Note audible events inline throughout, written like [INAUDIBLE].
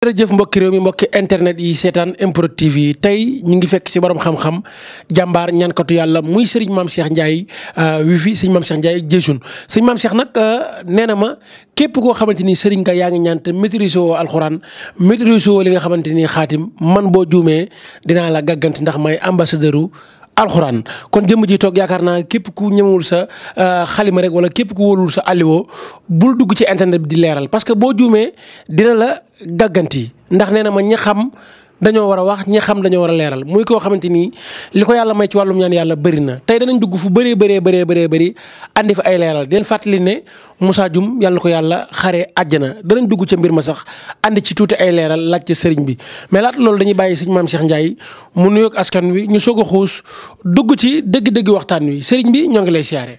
jërëjëf mbokki réew mi mbokki internet yi seetaan MPROD yi tey ñu ngi fekk si borom xam-xam jàmbaar ñaankatu yàlla muy sëriñ maam Cheikh Ndiaye euh, wi fi sëñ maam Cheikh Ndiaye jéesun sëñ maam Cheikh nag euh, nee na ma képp koo xamante ni sëriñ nga yaa ngi ñaan te maîtrise woo alxuraan maîtrise woo li nga xamante ni xaatim man boo juumee dinaa la gàgganti ndax may ambassadeur alxuraan kon jëmm ji toog yaakaar naa képp ku ñemewul sa euh, xalima rek wala képp ku wóolul sa alliwo bul dugg ci internet bi di leeral parce que boo juumee dina la gàgganti ndax nee na ma ña xam dañoo war a wax ñi xam dañoo war a leeral muy koo xamante ni li ko yàlla may ci wàllum ñaan yàlla bëri na danañ dugg fu bëree bëree bëree bëree bëri andi fa ay leeral di leen fàttali ne Moussa Dioum yàlla ko yàlla xaree na danañ dugg ci mbir ma sax andi ci tuuti ay leeral laaj ci sëriñ bi mais laata loolu dañuy bàyyi sëñ maam Cheikh Ndiaye mu nuyoog askan wi ñu soog a xuus dugg ci dëgg-dëgg waxtaan wi sëriñ bi ñoo ngi lay siyaare.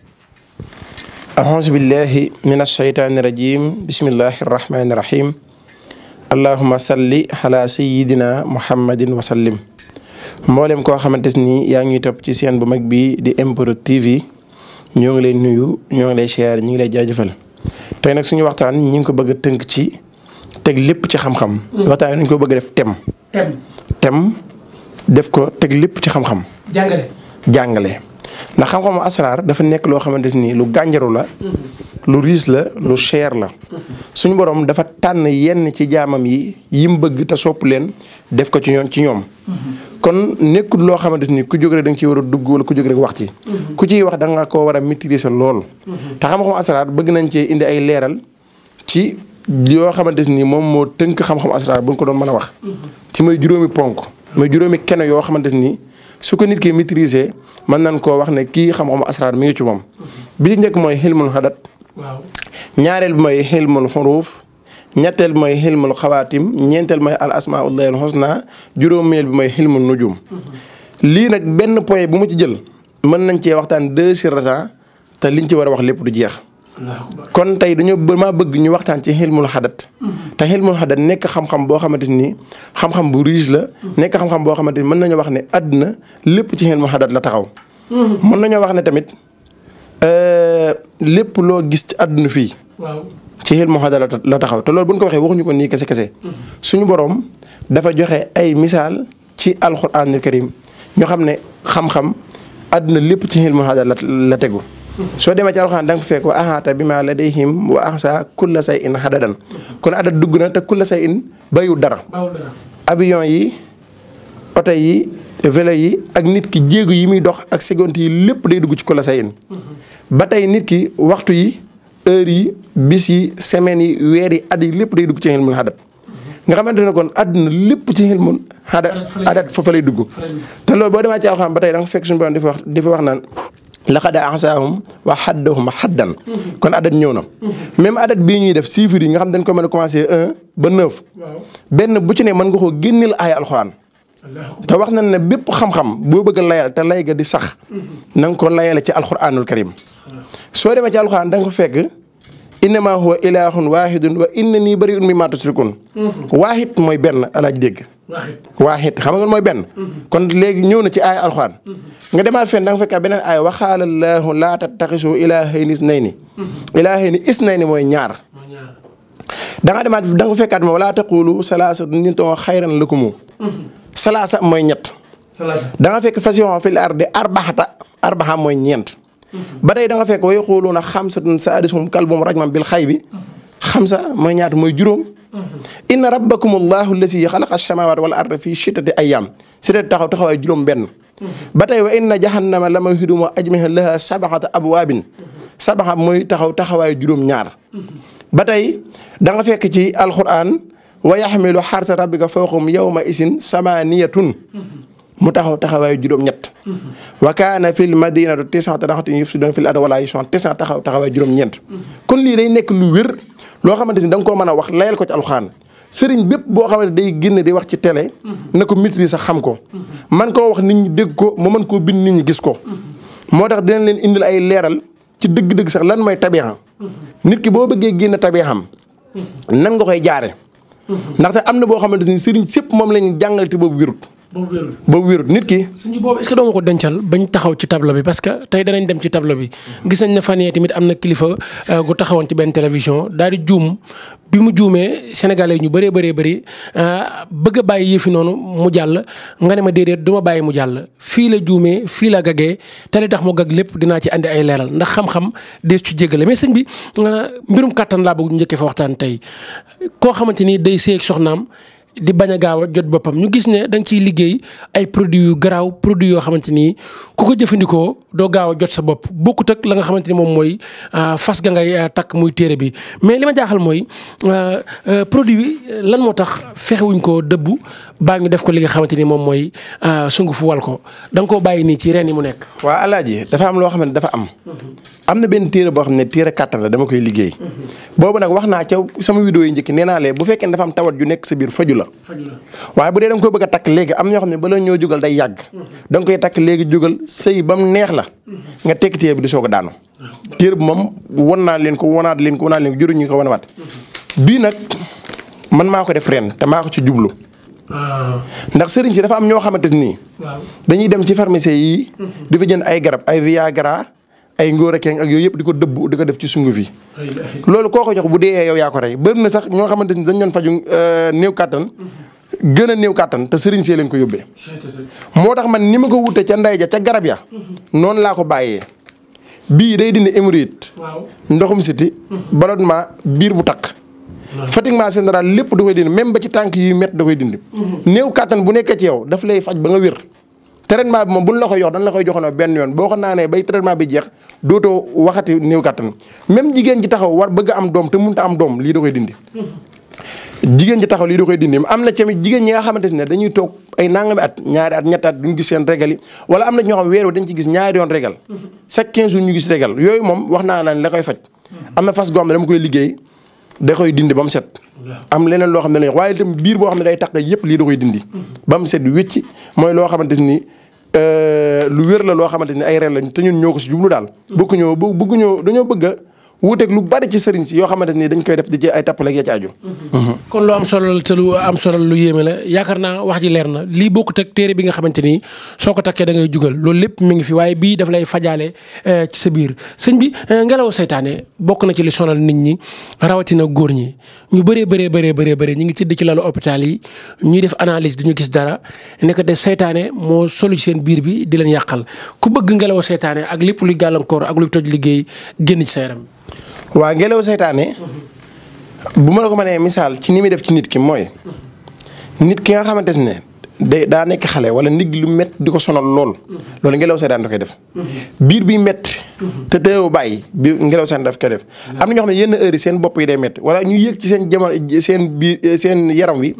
aouzu billahi mina shaytaani rajim bismillahi rahmaani allahuma salli ala sayidina muhammadin wa sallim mboolem koo xamante ni yaa ngi topp ci seen bu mag bii di MPROD TV ñoo ngi lay nuyu ñoo ngi lay siyaare ñu ngi lay jaajëfal tey nag suñu waxtaan ñu ngi ko bëgg a tënk ci teg lépp ci xam-xam. Mm. waxtaan nañu ko bëgg a def tem. tem def ko teg lépp ci xam-xam. jàngale. ndax xam-xamu asraar dafa nekk loo xamante nii lu gànjaru la. lu riis la lu cher la. suñu borom dafa tànn yenn ci jaamam yi yim bëgg te sopp leen def ko ci ñoom ci ñoom. kon nekkul loo xamante ni ku jóg rek da nga ciy war a dugg wala ku jóg rek wax ci. ku ciy wax da nga koo war a maîtriser lool. te xam-xamu asraar bëgg nañ cee indi ay leeral ci yoo xamante nii moom moo tënk xam-xamu asraar buñ ko doon mën a wax. ci mooy juróomi ponk mooy juróomi keno yoo xamante ni. su ko nit ki maîtriser mën nañ koo wax ne kii xam-xamu asraar mi ngi ci moom. bi njëkk mooy xilmul xadat. waaw ñaareel bi mooy xilmul xuruuf. ñetteel bi mooy xilmul xawaatim ñeenteel mooy al asmaullahi al husna juróomeel bi mooy xilmul nujum. lii nag benn point bu mu ci jël mën nañ cee waxtaan deux sur te liñ ci war a wax lépp du jeex. kon tey dañoo ma bëgg ñu waxtaan ci xilmul xadat te xilmul xadat nekk xam-xam boo xamante ni xam-xam bu riche la nekk xam boo xamante ni mën nañoo wax ne àdduna lépp ci xilmul xadat la taxaw mën nañoo wax ne tamit euh, lépp loo gis ci àdduna fii ci xilmul xadat la taxaw te lool loolu buñ ko waxee waxuñu ko nii kese kese suñu boroom dafa joxe ay misaal ci alxuraanul karim ñu xam ne xam-xam àdduna lépp ci xilmul xadat la tegu soo demee ci alxuraan da nga wa ahaata bi ma ladayhim wa ahsa kulla say in xadadan kon adad dugg na te kulla say in bayu dara yi ak nit ki jéegu yi muy dox ak seconde yi lépp day dugg ci kulla say in mm-hmm. ba tey nit ki waxtu yi heure yi bis yi semaines yi weer yi at yi lépp day dugg ci xilmul xadat mm-hmm. nga xamante ne kon àdduna lépp ci xilmul xadat adat foofa lay dugg te loolu boo demee ci alxuraan ba tey da nga suñu borom naan la laqad ahsaahum wa haddahum haddan kon adat ñëw na même adat bii ñuy def chiffres yi nga xam dañ ko mën a commencé un ba neuf benn bu ci ne mën nga koo génnil aaya alxuraan te wax nañ ne bépp xam-xam boo bëgg a layal te lay ga di sax mhm. na nga ko layale ci alxuraanul karim soo demee ci alxuraan da ko fekk innama huwa ilahun wahidun wa inna nii bëri un mi maa tusrikun mhm. waahid mooy benn alaaj dégg waahid xam nga mooy benn mhm. kon léegi ñëw na ci aaya alxuraan mhm. nga demaat fenn da nga fekk beneen laa tattaxisu ilaahayni isnayni ilaahayni isnayni mooy ñaar da nga demaat da nga fekkaat ma wala taqulu salaasa nitoo xayran lakumu salaasa mooy ñett da nga fekk fasiyon arbaxata arbaxa mooy ñeent ba tey da nga fekk way xooloona xamsatun saadisuhum kalbum rajmam bil xay bi xamsa ma ñaat mooy juróom inna rabbakum allahu allasi xalaqa samawati wal arda fi chitati ayam si te taxaw taxawaay juróom benn ba tey wa inna jahannama la mahidum wa ajmaha laha sabaxata abwaabin sabaxa mooy taxaw taxawaay juróom ñaar ba danga da nga fekk ci alquran wa yaxmilu xarsa rabbika fawqum yawma isin samaniyatun mu taxaw taxawaayu juróom-ñett. Mm-hmm. wa kaana fil madinatu tis'ata raxatin yufsiduna fil ardi wa laa yusiluuna tis'a taxaw taxawaayu juróom-ñeent. Mm-hmm. kon lii day nekk lu wér loo xamante ni da nga koo mën a wax layal ko ci alxaan sëriñ bépp boo xamante day génn di wax ci télé. Mm-hmm. na ko maîtriser sax xam ko. man koo wax nit ñi dégg ko mu man koo bind nit ñi gis ko. moo tax dinañ leen indil ay leeral ci dëgg-dëgg sax lan mooy tabiixam. nit ki boo bëggee génn tabiixam. nan nga koy jaare ndaxte am na boo xamante ni sëriñ sépp moom la ñu jàngal te boobu ba wérul nit ki. suñu boobu est-ce que doo ma ko dencal bañ taxaw ci tableau bi parce que tey danañ dem ci tableau bi. gis nañ ne fan yii tamit am na kilifa euh, gu taxawoon ci benn télévision daal di juum bi mu juumee sénégalais ñu bëree bëree bëri euh, bëgg a bàyyi yëfi noonu mu jàll nga ne ma déedéet du ma bàyyi mu jàll fii la juumee fii la gagee te li tax mu gag lépp dinaa ci andi ay leeral ndax xam-xam dees ci jéggale mais sëñ bi euh, mbirum kàttan laa bëgg njëkkee fa waxtaan tey koo xamante ni day seeg soxnaam di bañ a gaaw a jot boppam ñu gis ne da ciy liggéey ay produits yu garaaw produits yoo xamante ni ku ko jëfandikoo doo gaaw a jot sa bopp bokkut ak la nga xamante ni moom mooy ah, fas ga ngay ah, takk muy téere bi mais li ma jaaxal mooy ah, produit bi lan moo tax fexewuñ ko dëbbu baa ñu def ko li nga xamante ni moom mooy sungufu wal ko da nga koo nii ci reen yi mu nekk. waa alaaji dafa am loo xam ne dafa am. am na benn téere boo xam ne téere kàttan la dama koy liggéey. boobu nag wax naa ca sama vidéo yi njëkk nee naa bu fekkee ne dafa am tawat ju nekk sa biir faju la. waaye bu dee da nga koy bëgg a takk léegi am ñoo xam ne bala ñoo jugal day yàgg. da nga koy takk léegi jugal sëy ba mu neex la la nga tekki téye bi di soog daanu téer bi moom wan naa leen ko wanaat leen ko wanaat leen ko juróom ñu ko bii nag man maa ko def ren te maa ko ci jublu ah. ndax sëriñ si dafa am ñoo xamante nii dañuy dem ci pharmacie yi mhm. di fa ay garab ay viagra ay ngóor ak yooyu yëpp di ko dëbb di ko def ci sunguf yi loolu koo ko jox bu dee yow yaa ko rey bëri na sax ñoo xamante ni dañ doon faju euh, néew kàttan mhm. gën a néew kàttan te sëriñ see ko yóbbee. moo tax man ni ma ko wute ca ndey ja ca garab ya. noonu laa ko bàyyee. bii day dindi hémorroïde. ndoxum siti ballonnement biir bu takk. fatiguement général lépp da koy dindi même ba ci tànk yuy mett da koy dindi. Mhm. néew kàttan bu nekkee ci yow daf lay faj ba nga wér. traitement bi moom buñ la koy jox la koy joxo na benn yoon boo ko naanee bay traitement bi jeex dootoo waxati néew kàttan même jigéen ji taxaw war bëgg am doom te mënut am doom lii da koy dindi. Mhm. jigéen ñi taxaw lii da koy dindi am na tamit jigéen ñi nga xamante ne dañuy toog ay nangami at ñaari at ñetti at duñ gis seen régal yi am na ñoo xam weer wi dañ ci gis ñaari yoon régal mm-hmm. chaque 15 jours ñu gis régal yooyu moom wax naa naan koy mm-hmm. na fas goo xam ne dama liggéey da koy dindi ba mu set am leneen loo xam ne lañ waaye itam biir boo xam ne day tax yëpp lii da koy dindi mm-hmm. ba mu set mooy loo xamante ni euh, lu wér la loo xamante ni ay rel lañ te ñun ñoo ko si jublu daal bëgg ñoo bëgg ñoo dañoo bëgg wuuteeg lu bari ci sëriñ si yoo xamante ni dañ koy def di jël ay tappaleeg ya ci aju mhm. kon lu am solo te lu am solo lu yéeme la yaakaar naa wax ji leer na lii bokkut ak téere bi nga xamante ni soo ko takkee dangay jugal loolu lépp mi ngi fi waaye bii daf lay fajaale eh, ci sa biir sëñ bi eh, ngelaw seytaane bokk na ci li sonal nit ñi rawatina góor ñi ñu bëree bëree bëree bëree bëri ñu ngi tëdd ci lalu hôpital yi ñuy def analyse ñu gis dara nekk de seytaane moo solu seen biir bi di leen yàqal ku bëgg ngelaw seytaane ak lépp luy gàllankoor ak luy toj liggéey génn ci sa yaram. waa ngelaw seytaane bu ma la ko mënee misaal ci ni muy def ci nit ki mooy nit ki nga xamante ne day daa nekk xale wala ndig lu métti di ko sonal lool. loolu ngelaw seetaan da koy def. biir biy métti. te teewoo bàyyi biir ngelaw seetaan daf koy def. am na ñoo xam ne yenn heures yi seen bopp yi day métti wala ñu yëg ci seen jamono seen biir seen yaram wi.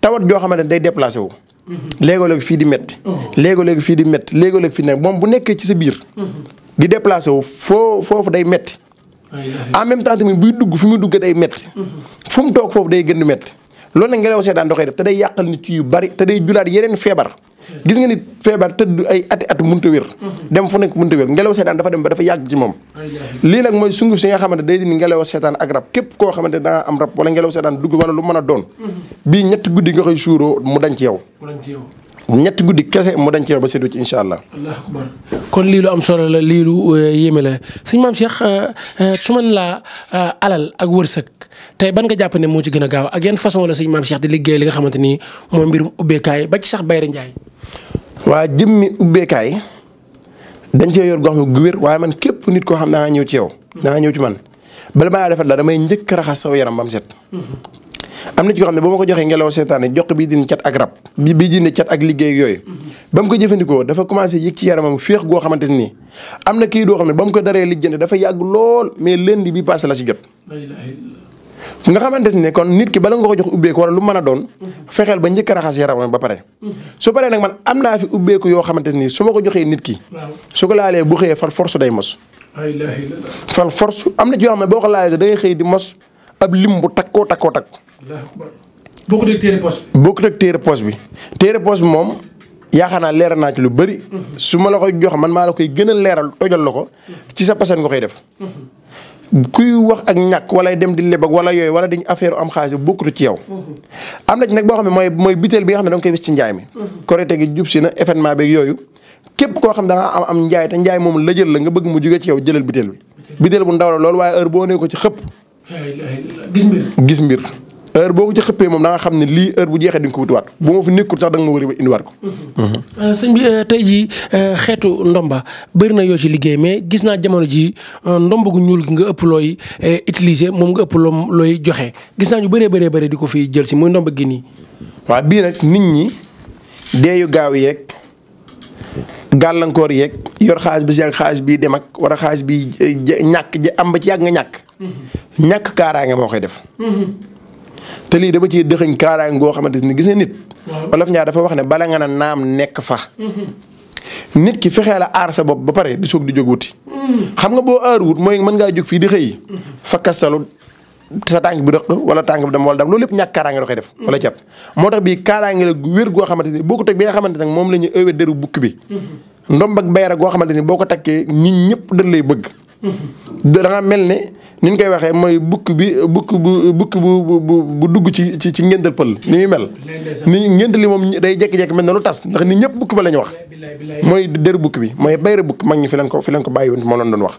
tawat joo xamante ne day déplacé wu. léegoo fii di métti. léegoo-léeg fii di métti léegoo-léeg fii moom bu nekkee ci sa biir. di déplacé wu foo foofu day métti. en même temps buy dugg fi muy dugg day métti. fu mu toog foofu day gën di métti. loolu nag ngelaw seetaan da koy def te day yàqal nit yu bari te day julaat yeneen feebar gis nga nit feebar tëdd ay ati at mënta wér dem fu nekk mënta wér ngelaw ngelaw seetaan ak rab képp koo xamante dangaa am rab wala ngelaw seetaan dugg wala lu mën a doon bii ñetti guddi nga koy suuroo mu dañ ci yow ñetti guddi kese mu dañ ci yow ba seetu ci incha allah kon lii lu am solo la lii lu euh, yéeme la suñu maam Cheikh euh, euh, su man laa alal ak wërsëg tey ban nga jàpp ne moo ci gën a gaaw ak yan façon la siñ maam Cheikh di liggéey li nga xamante ni mooy mbirum ubbeekaay ba ci sax Bayre Njaay. waa jëmmi ubbeekaay dañ cee yor gox gu wér waaye man képp nit koo xam ne da ñëw ci yow. da ñëw ci man bala maa defar la damay njëkk raxas saw yaram ba set. Mm-hmm. am na ci yoo ne ba ma ko joxee ngelaw seetaane jox bii dindi cat ak rab bi ak liggéey yooyu ba mu ko jëfandikoo dafa commencé yëg ci yaramam féex goo xamante nii am na kii doo xam ne ba ko daree lijjanti dafa yàgg lool mais lundi bi passé la si nga xamante ne kon nit ki bala nga ko jox ubbeeku wala lu mën a doon fexeel ba njëkk a raxas yaramam ba pare su paree nag man am naa fi ubbeeku yoo xamante nii su ma ko joxee nit ki su ko laalee bu xëyee far force day mos far force am na ci yoo xam ne boo ko laalee da ngay xëy di mos ab lim bu takkoo takkoo takk bokkut ak téere poche bi. bokkut ak bi téere poche bi moom yaakaar naa leeral naa ci lu bari su ma la koy jox man maa la koy gën a leeral tojal la ko ci sa pasan nga koy def. kuy wax ak ñàkk wala dem di leb ak wala yooyu wala dañu affaire am xaalis bokkutu ci yow. am na ci nag boo xam ne mooy mooy biteel bi nga xam ne da koy wis ci njaay mi. korite gi jub si na événement beeg yooyu képp koo xam da nga am am njaay te njaay moom la jël la nga bëgg mu jóge ci yow jëlal biteel bi. biteel bu ndaw la loolu waaye heure boo nee ko ci xëpp. gis gis mbir. heure boo ko ci xëppee moom da nga xam ne lii heure bu jeexee di nga ko wutiwaat bu ma fi nekkul sax da ma wëri ba indiwaat ko. Euh, sëñ euh, tey jii euh, xeetu ndomba bëri na yoo ci liggéey mais gis naa jamono jii ndomb gu ñuul gi nga ëpp looy utilise moom nga ëpp looy joxe gis naa ñu bëree bëree bëri di ko fi jël si muy ndomba gi nii. waa bii nag nit ñi dee yu gaaw yeeg gàllankoor yeeg yor xaalis bi si ak xaalis bi dem ak war a xaalis bi eh, ñàkk am ba ci yàgg nga ñàkk. Mm-hmm. kaaraange moo koy def. Mm-hmm. te lii de dama ci dëxëñ kaaraange goo xamante ni gis nga nit. olof ñaar dafa wax ne bala nga na naam nekk fa. Mm-hmm. nit ki fexee la aar sa bopp ba pare di soog di jóg wuti. Mm-hmm. xam nga boo aar wut mooy mën ngaa jóg fii di xëy. Mm-hmm. fakkasalu sa tànk bi rëq wala tànk bi dem wala dam loolu lépp ñàkk kaaraange la koy def. wala cat moo tax bii kaaraange la wér goo xamante ni boo ko bi nga xamante ne moom la ñuy ëwee deru bukki bi. ndombag bayra goo xamante ni boo ko takkee nit ñëpp dañ lay bëgg. da nga mel ne ni ñu koy waxee mooy bukk bi bukk bu bukk bu bu dugg ci ci ci ngéntal pël ni muy mel. ni ngéntal li moom day jékki-jékki mel na lu tas ndax nit ñëpp bukk ba la wax. mooy dér bukk bi mooy bayra bukk mag ñi fi leen ko fi leen moo leen doon wax.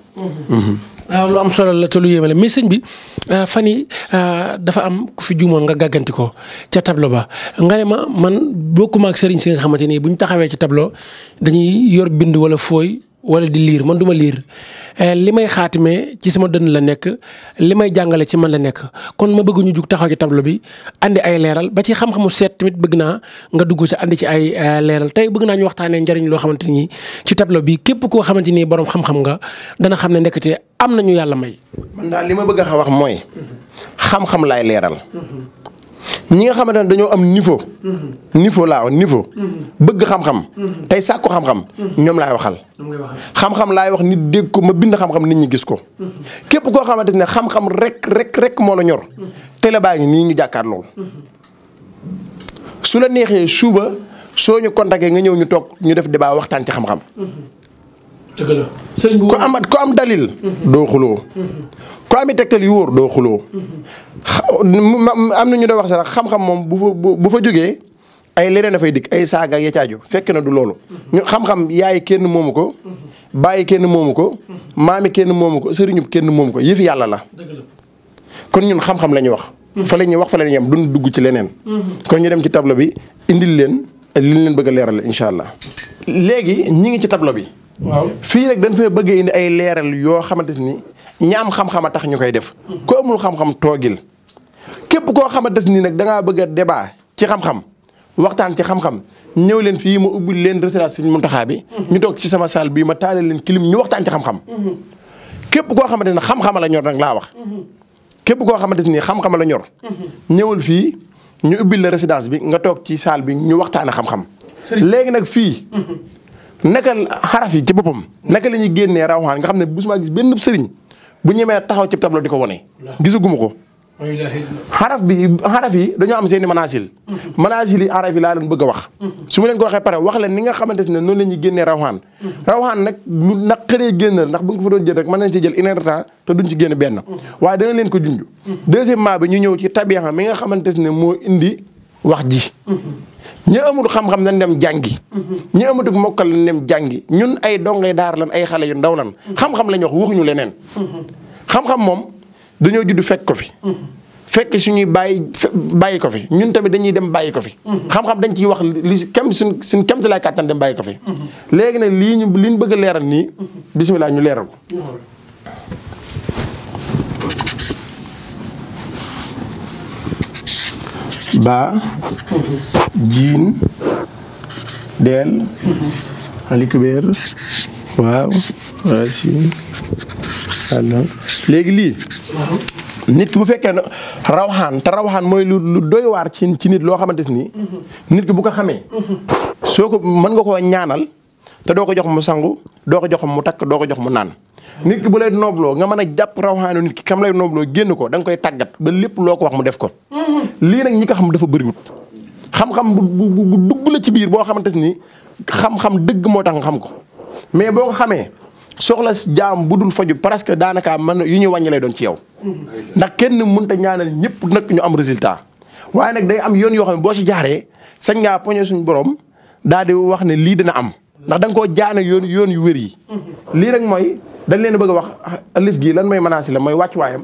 Mhm. Ah, lu am solo la te lu yéeme la mais sëñ bi ah, fan yi ah, dafa am ku fi juumoon nga gàgganti ko ca tablo ba nga ne ma man bokkuma ak sëriñ si nga xamante ni bu ñu taxawee ci tableau dañuy yor bind wala fooy. wala di liir man du ma liir eh, li may xaatime ci sama dënn la nekk li may jàngale ci man la nekk kon ma bëgg ñu jug taxaw ci tableau bi andi ay leeral ba ci xam-xamu seet tamit bëgg naa nga dugg ci andi ci ay eh, leeral tey bëgg naa ñu waxtaanee njariñ loo xamante ni ci tableau bi képp koo xamante ni borom xam-xam nga dana xam ne ndekete am na ñu yàlla may. man daal li ma bëgg a wax mooy. xam-xam laay leeral. Mm-hmm. ñi nga xamante ne dañoo am niveau. Mm-hmm. niveau laa wax niveau. Mm-hmm. bëgg xam-xam. Mm-hmm. tey sàkku xam-xam. ñoom lay waxal. xam-xam laay wax nit dégg ko ma bind xam-xam nit ñi gis ko. képp koo xamante ne xam-xam rek rek rek moo la ñor. télé baa ngi nii ñu jàkkaar lool. su la neexee suba soo ñu contacté nga ñëw ñu toog ñu def débat waxtaan ci xam-xam. dëgg la sëñ ku am ku am dalil. Mhm. doo xuloo. Mhm. ku ami tegtal yu wóor doo xuloo. Mhm. am na ñu doon wax sax xam-xam moom bu fa bu fa jógee ay leneen dafay dikk ay saaga ak ya caaju na du loolu. ñu xam-xam yaay kenn moomu ko. bàyyi kenn moomu ko. maami kenn moomu ko sëriñu kenn moomu ko yëfi yàlla la. kon ñun xam-xam la ñuy wax. fa la ñuy wax fa la ñuy am dugg ci leneen. kon ñu dem ci tablo bi indi leen li leen bëgg a leeral incha allah. léegi ñi ngi ci tableau bi. waaw fii nag dañ fay bëgge indi ay leeral yoo xamante ni nii am xam-xam a tax ñu koy def. ku amul xam-xam toogil képp koo xamante nii nag da ngaa bëgg a débat ci xam-xam waxtaan ci xam-xam ñëw leen fii ma ubbil leen restaurant Serigne Mountakha bi. Mhm. ñu toog ci sama salle bii ma taalal leen clim ñu waxtaan ci xam-xam. Mhm. képp koo xamante ne xam-xam la ñor nag laa wax. Mhm. képp koo xamante ni xam la ñor. ñëwal fii ñu ubbil la résidence bi nga toog ci salle bi ñu waxtaanee xam-xam. léegi nag fii. naka xaraf yi ci boppam naka la ñuy génnee rawxaan nga xam ne busuma gis benn sëriñ bu ñemee taxaw ci tableau di ko wane gisaguma ko xaraf bi xaraf yi dañoo am seen i manaasil manaasil yi yi laa leen bëgg a wax su ma leen ko waxee pare wax leen ni nga xamante ne noonu la ñuy génnee rawxaan rawxaan nag lu nag xëree ndax bu nga fa doon jël rek mën nañ si jël une heure te duñ ci génn benn waaye dana leen ko junj deuxièmement bi ñu ñëw ci tabixa mi nga xamante ne moo indi wax ji. ñi amul xam-xam nañ dem jàngi. ñi amatul mokkal nañ dem jàngi ñun ay dongay daar lan ay xale yu ndaw lan. xam-xam lañ wax waxuñu leneen. xam-xam moom dañoo judd fekk ko fi. fekk suñuy bàyyi bàyyi ko fi ñun tamit dañuy dem bàyyi ko fi. xam-xam dañ ciy wax li kem suñ suñ kem lay kàttan dem bàyyi ko fi. léegi nag lii ñu li ñu bëgg leeral nii. bisimilah ñu leeral baa jiin deel alikubeer waaw racine léegi lii nit ki bu fekkee ne rawxaan te rawxaan mooy lu doy waar ci ci nit loo xamante nii nit ki bu ko xamee. soo ko mën nga koo ñaanal te doo ko jox mu sangu doo ko jox mu takk doo ko jox mu naan. nit ki bu lay noobloo nga mën a jàpp rawxaanu nit ki kam lay noobloo génn ko danga nga koy tàggat ba lépp loo ko wax mu def ko. lii nag ñi ko xam dafa bëriwut xam-xam bu bu bu dugg la ci biir boo xamante ni xam-xam dëgg moo tax nga xam ko mais boo xamee soxla jaam bu dul faju presque daanaka man yu ñuy wàññi doon ci yow. ndax kenn mënut a ñaanal ñëpp nag ñu am résultat waaye nag day am yoon yoo xam ne boo si jaaree sañ ngaa poñe suñu borom daal di wax ne lii dina am. ndax da ko koo jaana yoon yoon yu wér yi. lii rek mooy dañ leen bëgg a wax ah, alif gii lan mooy menace la mooy waayam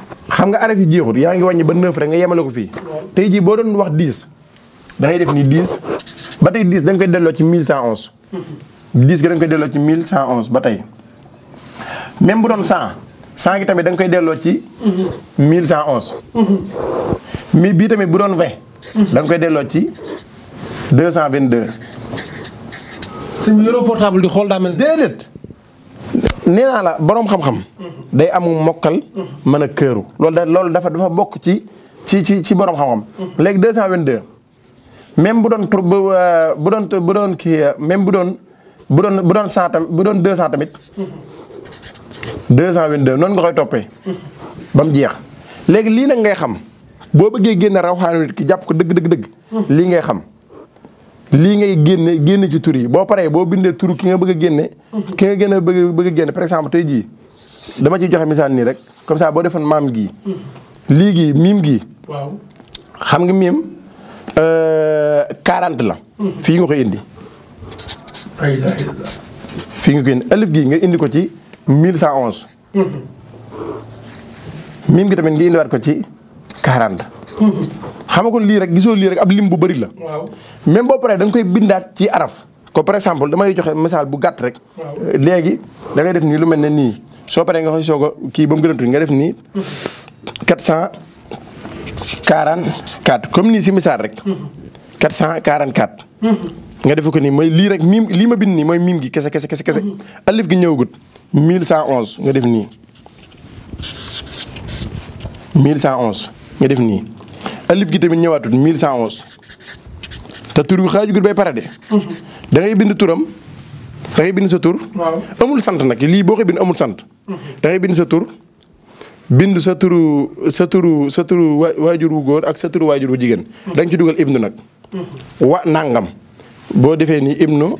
xam nga araf yi jeexut yaa ngi wàññi ba neuf rek nga yemale ko fii tey jii boo doon wax dix da ngay def ni diis ba tey dix da nga koy delloo ci mille cent onze dix gi koy delloo ci mille cent onze ba tey même bu doon cent cent gi tamit da koy delloo ci mille cent onze mi bii tamit bu doon vingt da koy delloo ci deux cent vingt deux suñu yoroo portable di xool daa déedéet nee naa la borom xam-xam. day amum mokkal. mën a këru loolu da loolu dafa dafa bokk ci ci ci ci borom xam-xam. léegi 222. même bu doon pour euh, bu doon bu doon kii euh, même bu doon bu doon bu doon 100 bu doon 200 tamit. 222 noonu nga koy toppe ba mu jeex léegi lii nag ngay xam boo bëggee génn raw xaanu nit ki jàpp ko dëgg dëgg dëgg. lii ngay xam. lii ngay génne génne ci tur yi boo paree boo bindee tur ki nga bëgg a génne. Mhm. ki nga gën a bëgg bëgg a génne par exemple tey jii dama ci joxe misaal nii rek comme ça boo defoon maam gi mhm. lii gii miim gi xam nga miim 40 euh, la. Mhm. fii nga koy indi. fii nga koy indi alif nga indi ko ci 1111. miim gi tamit nga indiwaat ko ci 40. xam nga kon lii rek gisoo lii rek ab lim bu bari la. waaw même boo paree danga koy bindaat ci araf. ko par exemple damay joxe misaal bu gàtt rek. Euh, léegi da ngay def nii lu mel na nii soo paree nga koy soog a kii ba mu gën a tuuti nga def nii. 444 comme nii si misaal rek. 444. nga defe ko nii mooy lii rek miim lii ma bind nii mooy miim gi kese kese kese kese. alif gi ñëwagut 1111 nga def nii. 1111 nga def nii. alif gi tamit ñëwaatut 1111 te tur bi xaaju bay pare de. Mhm. da ngay bind turam da bind sa tur. amul sant nag lii boo ko bind amul sant. Mhm. da bind sa tur bind sa turu sa turu sa turu waajur wu góor ak sa turu waajur wu jigéen. Mhm. da nga ci dugal ibnu nag. wa nangam boo defee ni ibnu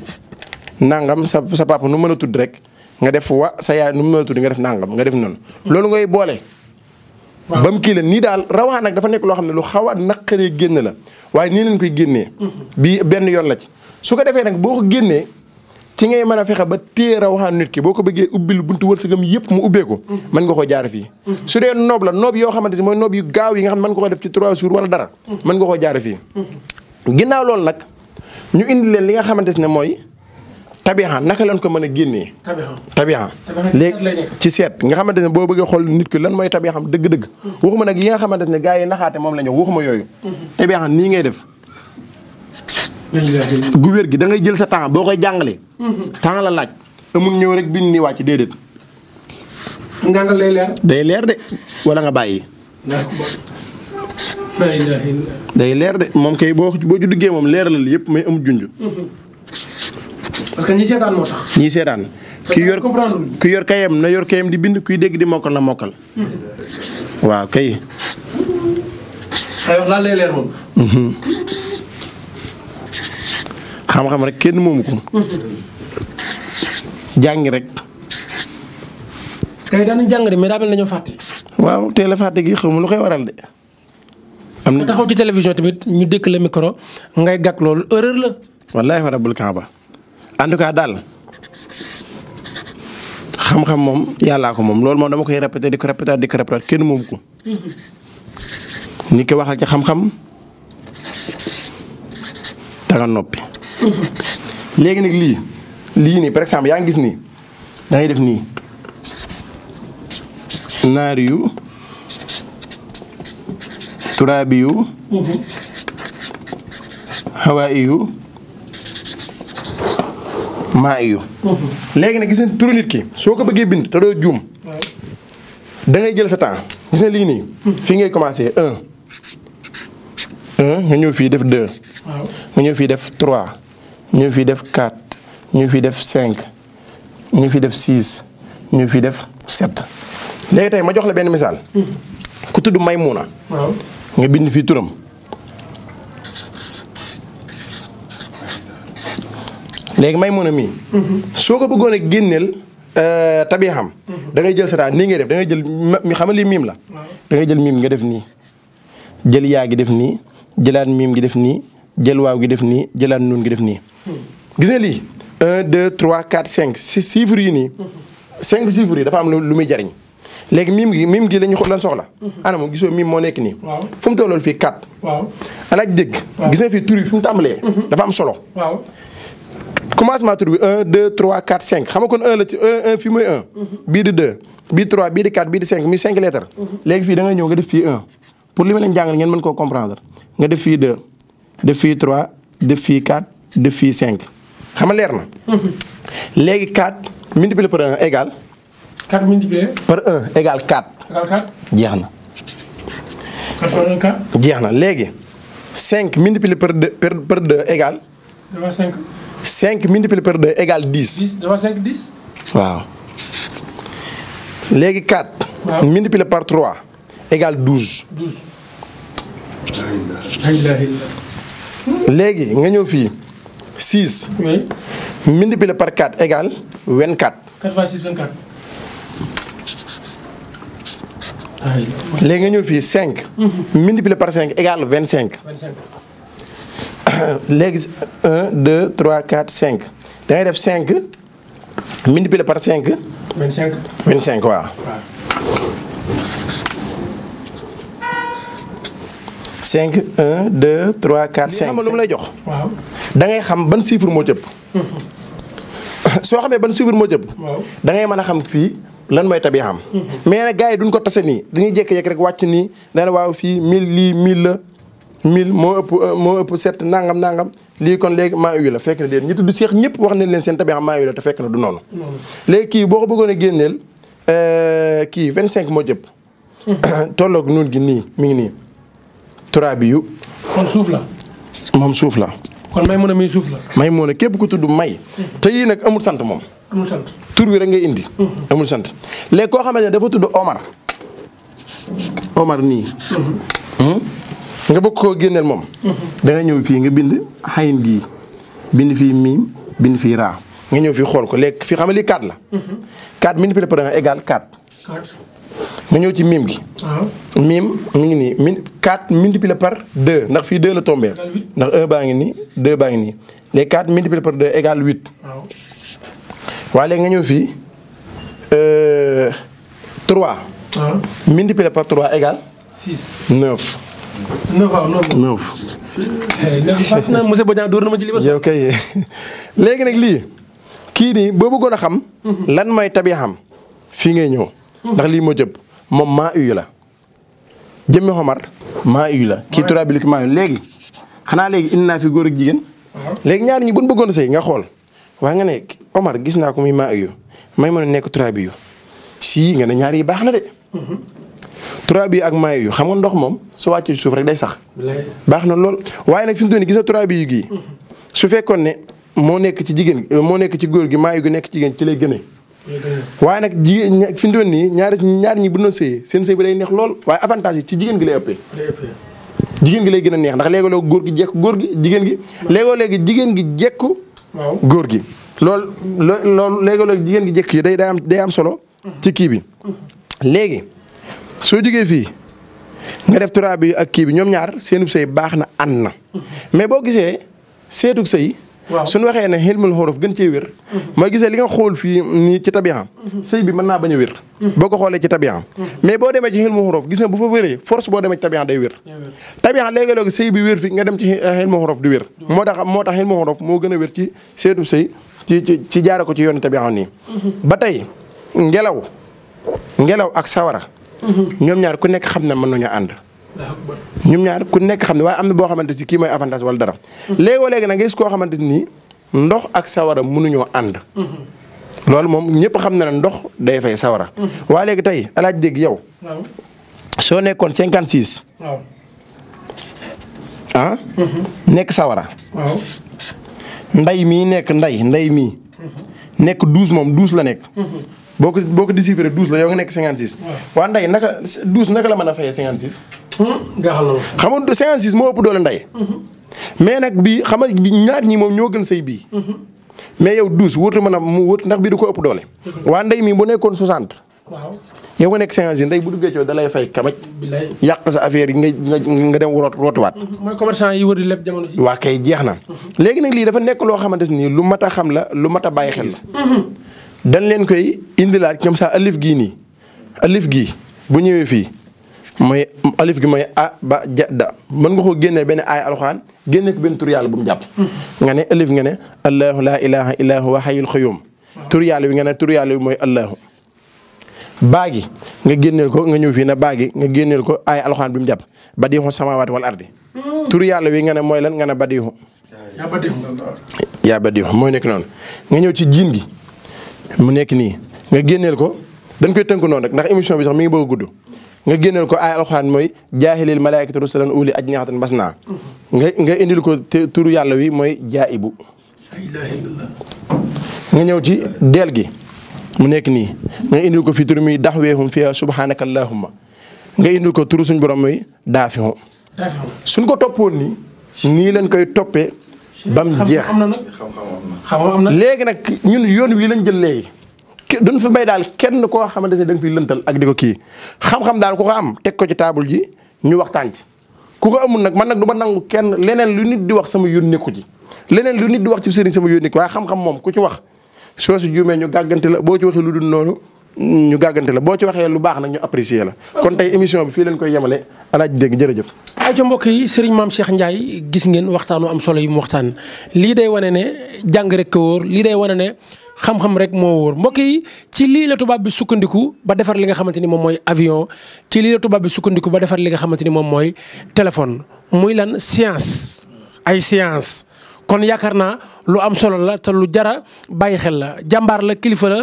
nangam sa sa papa nu mën a tudd rek nga def wa sa yaay nu mën a tudd nga def nangam nga def noonu. loolu ngay boole. ba mu kii la nii daal rawaan nag dafa nekk loo xam ne lu xaw a naqaree génn la waaye nii leen koy génnee. Mhm. bi benn yoon la ci. su ko defee nag boo ko génnee ci ngay mën a fexe ba téye rawaan nit ki boo ko bëggee ubbil buntu wërsëgam yëpp mu ubbee ko. Mhm. mën nga koo jaare fii. Mhm. su dee noob la noob yoo xamante ne mooy noob yu gaaw yi nga xam ne mën nga koo def ci trois jours wala dara. mën nga koo jaare fii. ginnaaw loolu nag ñu indi leen li nga xamante ne mooy tabihan naka lañ ko mën a génnee. tabihan léegi ci seet nga xamante ne boo bëggee xool nit ki lan mooy tabihan dëgg-dëgg. Hmm. waxuma nag yi nga xamante ne gaa yi naxaate moom la ñu waxuma yooyu. Hmm. tabihan nii ngay def. gu gi da ngay jël sa temps boo koy jàngalee. Hmm. temps la laaj amul ñëw rek bind nii wàcc déedéet. ngàngal day leer de wala nga bàyyi. day leer de moom kay boo boo ju moom leer la yëpp may am junj. parce que ñi seetaan moo tax. ñi ki yor ki yor kayam na yor kayam di bind kuy dégg di mokkal na mokkal. waaw kay. Mhm. xam-xam rek kenn moomu ko. jàngi rek. kay daan nañ jàng de mais daa fàtte. waaw teel a fàtte gi xamul lu koy waral de. am na taxaw ci télévision tamit ñu dëkk la micro ngay gàkk loolu erreur la. wallaahi wa rabbul kaaba en tout daal xam-xam moom yàllaa ko moom lool moom dama koy répété di ko répété di kenn moom ko. ni ko waxal ci xam-xam danga noppi. léegi nag lii lii nii par exemple yaa ngi gis nii da def nii naar yu turaabi mhm. maa iyu léegi nag gis nañ turu nit ki soo ko bëggee bind te doo juum da ngay jël sa temps gis lii nii fii ngay commencé un nga ñëw fii def deux nga ñëw fii def trois ñëw fii def quatre ñëw fii def cinq ñëw fii def six ñëw fii def sept léegi tey ma jox la benn misaal hmm. ku tudd Maymuna nga bind fii turam léegi may mën a mii mhm. soo ko bëggoon a génneel euh, tabi xam mhm. da jël sa taa nii nga def da ngay jël mi li miim la da ngay jël miim nga def nii jël yaa gi def nii jëlaat miim gi def nii jël waaw gi def nii jëlaat nuun gi def nii hmm. gis nga lii 1 2 3 4 5 six chiffres yi nii hmm. cinq chiffres yi dafa am lu muy jariñ léegi miim gi miim gi lañu xool lan soxla hmm. anam gisoo miim moo nekk nii fu mu fii 4 alaaj dégg gis nga fii tur yi fu mu tàmbalee dafa am solo commencement tur bi 1 2 3 4 5 xam nga kon 1 la ci 1 1 fii mooy 1. bii di 2 bii 3 bii di 4 bii di mi 5 lettres. léegi fii da ñëw nga def fii 1 pour li ma leen jàngal ngeen mën koo comprendre nga def fii 2 def fii 3 def fii 4 def fii 5 xam leer na. Mhm. léegi 4 multiplié par 1 égal. égal 4. jeex na. 4 par 1 4. jeex na léegi 5 multiplié par 2 par 2 égal. cinq multiplié par 2 égale 10. 10 dafa 5 waaw léegi 4. waaw multiplié par 3 égal 12. léegi nga ñëw fii 6. oui. multiplié par 4 égale 24. 4 léegi nga ñëw fii 5. Mhm. multiplié par cinq égale vingt cinq [COUGHS] léegi 1 2 3 4 5 da ngay def 5 multiplié par cinq 25 25 waaw. cinq 1 2 3 4 5 cinq nga lu mu lay jox. waaw xam ban chiffre moo jëpp. Mm-hmm. soo xamee ban chiffre moo jëpp. waaw mën a xam fii. lan mooy tabi xam mm-hmm. mais nag yi duñ ko tase nii dañuy jékki-jékki rek wàcc nii daan waaw fii mille lii mille mille moo ëpp euh, moo ëpp sept nangam nangam lii kon léegi maa yu la fekk na déet ñi tudd seex ñëpp wax nañ leen seen tabax maa yu la te fekk na du noonu. léegi kii boo ko bëggoon a génneel euh, kii vingt cinq moo jëpp. Hmm. [COUGHS] tolloog nuun gi nii mi ngi nii. turaabi yu. suuf la. moom suuf la. kon may mën a muy suuf la. may mën a képp ku tudd may. Hmm. te yii nag amul sant moom. tur wi rek indi. Hmm. amul sant léegi koo xamante ne dafa tudd Omar. Omar nii. nga bëgg koo génneel moom. [LAUGHS] da nga ñëw fii nga bind xayin gii bind fii miim bind fii raa nga ñëw fii xool ko léegi fi xam nga lii la. 4 mm-hmm. multiplié par 1 égal 4. nga ñëw ci miim gi. waaw miim mi ngi nii min 4 multiplié par ndax fii 2 la tombé. ndax 1 baa ngi nii 2 baa ngi nii léegi 4 multiplié par 2 égal 8. waaw waaye nga ñëw fii 3. Euh, waaw multiplié par 3 neuf waaw neuf. Eh, monsieur Bodian dóor yow kay léegi nag lii kii nii boo bëggoon a xam. Mhm. lan mooy tabi xam fii ngay ñëw. Mhm. ndax lii moo jëpp moom maa uyu la jëmmi xomar maa uyu la kii turabilik maa uyu léegi xanaa léegi indi naa fi góor ak jigéen. léegi ñaar ñi bu ñu bëggoon a nga xool waaye nga ne Omar gis naa ko muy maa uyu may mën nekk turabi yu si nga ne ñaar baax na de. Mhm. trois bi ak maay yu xam nga ndox moom su wàccee suuf rek day sax. baax na lool waaye nag fi mu toll nii gis na trois bi yu gii. Mhm. su fekkoon ne moo nekk ci jigéen moo nekk ci góor gi maayu gi nekk ci jigéen ci lay gënee. waaye nag jigéen fi mu toll nii ñaari ñaar ñi bu doon sëyee seen sëy bi day neex waaye avantage yi jigéen gi lay ëppee. jigéen gi lay gën neex ndax léegoo-léegi góor gi jekku góor gi jigéen gi. léegoo léegi jigéen gi jekku. góor gi. loolu loolu léegoo léegi jigéen gi jekk yi day day am day am solo. ci kii bi mhm. léegi soo jógee fii nga def turaa bi ak kii bi ñoom ñaar seenub sëy baax na ànd na mais boo gisee seetug sëy suñu waxee ne xilmul xorof gën cee wér mooy gisee li nga xool fii nii ci tabia sëy bi mën naa bañ a boo ko xoolee ci tabiyaam mais boo demee ci xilmul xorof gis nga bu fa wéree force boo demee ci tabiyaam day wér tabiyaam léegi-léegi sëy bi wér fi nga dem ci eh, xilmul xorof di wér moo tax moo tax xilmul xorof moo gën a wér ci seetu sëy ci ci ci jaare ko ci yoon tabiyaam nii mhm. ba tey ngelaw ngelaw ak sawara ñoom ñaar ku nekk xam ne mën nañu ànd. ñoom ñaar ku nekk xam ne waaye am na boo xamante si kii mooy avantage wala dara. léegoo léegi nag nga gis koo xamante ni ndox ak sawara mënuñoo ànd. loolu moom ñëpp xam na ndox day fay sawara. waa léegi tey alaaj dégg yow. soo nekkoon 56. waaw. ah. Mm-hmm. nekk sawara. waaw. nday mii nekk nday nday mii. Mm-hmm. nekk 12 moom 12 la nekk. Mm-hmm. boo ko boo ko déchiffré douze la yow nga nekk cinquante six. waaw nday naka douze naka la man a fayee cinquante six. Hmm? xam nga cinquante six moo ëpp doole nday mhm. mais nag bii xam nga ñaar ñi moom ñoo gën say bii. Mhm. mais yow douze wóotu mën a mu wóot ndax bii du ko ëpp doole. waa nday mi bu nekkoon soixante. waaw yow nga nekk cinquante six nday bu duggee coow da lay fay kamaj. yàq sa affaire yi nga nga dem root rootuwaat. waat mhm. commerçant yi wër di lépp jamono ji. waa kay jeex na. léegi nag lii dafa nekk loo xamante ne nii lu mat a xam la lu mat a bàyyi xel la dañ leen koy indilaat comme sax alif gii nii alif gi bu ñëwee fi mooy alif gi mooy a ba jadda mën nga koo génnee benn aaya alxuraan génne ko benn tur yàlla bu mu jàpp nga ne alif nga ne allahu laa ilaha illa huwa nga ne tur yàlla mooy allahu baagi nga génneel ko nga ñëw fii na baagi nga génneel ko aaya alxuraan bi mu jàpp badiixu samaawaati wal ardi tur yàlla wi nga ne mooy lan nga ne badiixu yaa badiixu mooy nekk noonu nga ñëw ci jiin gi mu nekk nii nga génneel ko dañ koy tënk noonu rek ndax émission bi sax mi ngi bëgg gudd nga génneel ko ay alxuraan mooy jaahilil malaayikatu rusulan uli aj ñaxatan bas naa nga nga indil ko turu yàlla wi mooy jaahibu nga ñëw ci deel gi mu nekk nii nga indil ko fi tur muy daxweehum fiha subhanaka allahumma nga indil ko turu suñ borom muy daafixu suñ ko toppoon nii nii lañ koy toppee ba mu jeex xam-xam am na léegi nag ñun yoon wi lañ jël léegi duñ fi may daal kenn koo xamante ne da nga fiy ak di ko kii xam-xam daal ku ko am teg ko ci taabul ji ñu waxtaan ci ku ko amul nag man nag du ma nangu kenn leneen lu nit di wax sama yoon nekku ci leneen lu nit di wax ci sëriñ sama yoon nekku waaye xam-xam moom ku ci wax soo si juumee ñu gàggante la boo ci waxee lu dul noonu ñu gàggante la boo ci waxee lu baax nag ñu apprécier la kon tey émission bi fii leen koy yemale alaaji dégg jërëjëf ay ca mbokk yi sëriñ maam Cheikh Ndiaye gis ngeen waxtaanu am solo yi waxtaan lii day wane ne jàng rek ko wóor lii day wane ne xam-xam rek moo wóor mbokk yi ci lii la tubaab bi sukkandiku ba defar li nga xamante ni moom mooy avion ci lii la tubaab bi sukkandiku ba defar li nga xamante ni moom mooy téléphone muy lan science ay science kon yaakaar naa lu am solo la te lu jara bàyyi xel la jàmbaar la kilifa la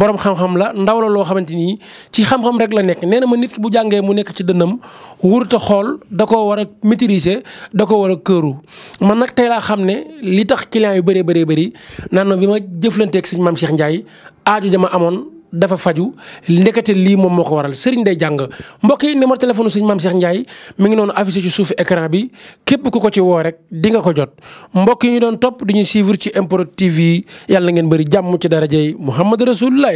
borom xam-xam la ndaw la loo xamante ni ci xam-xam rek la nekk nee na ma nit bu jàngee mu nekk ci dënnam wurut a xool da ko war a maîtriser da ko war a këru man nag tey laa xam ne li tax client yu bëree bëree bëri naan bi ma jëflanteek sëñ maam Cheikh Ndiaye aaju dama amoon. dafa faju ndekete lii moom moo ko waral sëriñ day jàng mbokk yi numéro téléphone sëñ maam Cheikh Ndiaye mi ngi noonu affiché ci suufu ecran bi képp ku ko ci woo rek di nga ko jot mbokk yi ñu doon topp di ñu suivre ci MPROD TV yàlla ngeen bëri jàmm ci darajey Muhammad Rasulullah